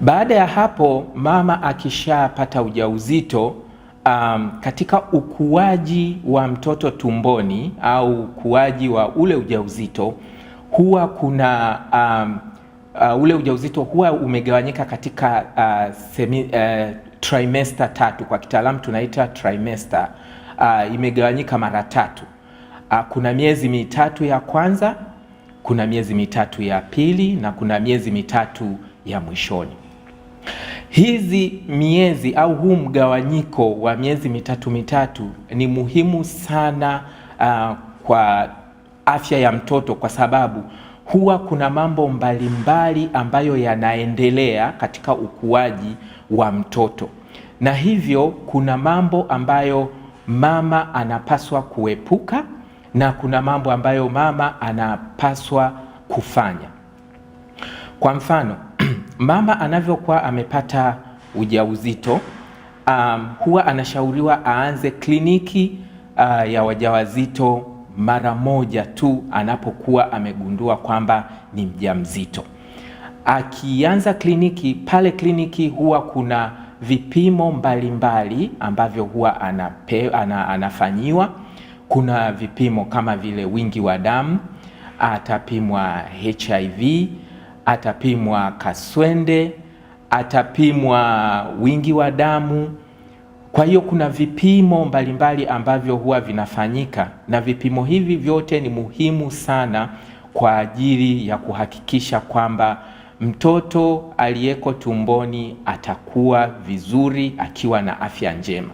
Baada ya hapo mama akishapata ujauzito um, katika ukuaji wa mtoto tumboni au ukuaji wa ule ujauzito huwa kuna um, uh, ule ujauzito huwa umegawanyika katika uh, semi, uh, trimester tatu, kwa kitaalamu tunaita trimester uh, imegawanyika mara tatu. Uh, kuna miezi mitatu ya kwanza, kuna miezi mitatu ya pili na kuna miezi mitatu ya mwishoni. Hizi miezi au huu mgawanyiko wa miezi mitatu mitatu ni muhimu sana uh, kwa afya ya mtoto kwa sababu huwa kuna mambo mbalimbali mbali ambayo yanaendelea katika ukuaji wa mtoto, na hivyo kuna mambo ambayo mama anapaswa kuepuka na kuna mambo ambayo mama anapaswa kufanya. Kwa mfano mama anavyokuwa amepata ujauzito um, huwa anashauriwa aanze kliniki uh, ya wajawazito mara moja tu anapokuwa amegundua kwamba ni mjamzito. Akianza kliniki pale, kliniki huwa kuna vipimo mbalimbali mbali ambavyo huwa anape, ana, anafanyiwa. Kuna vipimo kama vile wingi wa damu, atapimwa HIV atapimwa kaswende, atapimwa wingi wa damu. Kwa hiyo kuna vipimo mbalimbali ambavyo huwa vinafanyika, na vipimo hivi vyote ni muhimu sana kwa ajili ya kuhakikisha kwamba mtoto aliyeko tumboni atakuwa vizuri akiwa na afya njema.